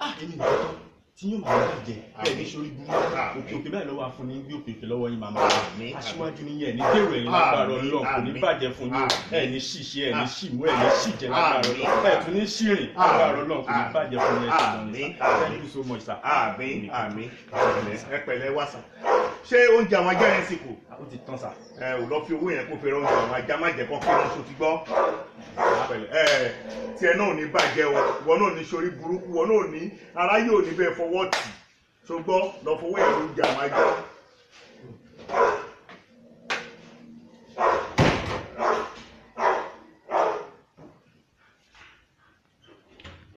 ah èmi nìkan tán tí yóò máa bá jẹ bẹ́ẹ̀ ní sori burú ah, ah. òkè òkè báyìí lọ́wọ́ afun ní bí òkè òkè lọ́wọ́ yín màmá aṣíwájú níyẹn ní dèrò ẹ̀yìn lágbára Ọlọ́run kò ní bàjẹ́ fún yín ẹ̀ ní ṣìṣe ẹ̀ ní ah. ṣìmú ẹ̀ ní ṣìjẹ lágbára Ọlọ́run ẹ̀ tún ní ṣìrìn lágbára Ọlọ́run kò ní bàjẹ́ fún yín ẹ̀ ṣìlọ́run sir thank you so much sir. àmín àmín ẹ pẹ̀lẹ́ wàsà ṣé oúnjẹ àwọn ajá yẹn sì kù. Ah, ó ti tán sà. ẹ ò lọ fi owó yẹn kó fi ra oúnjẹ àwọn ajá má jẹ kán fẹ́ràn oṣù ti gbọ́. ẹ náà ní bàjẹ́ o wọn náà ní sori burúkú wọn náà ní aráyé ò ní bẹ́ẹ̀ fọwọ́ tì ṣùgbọ́n lọ fowó yẹn lóúnjẹ àwọn ajá.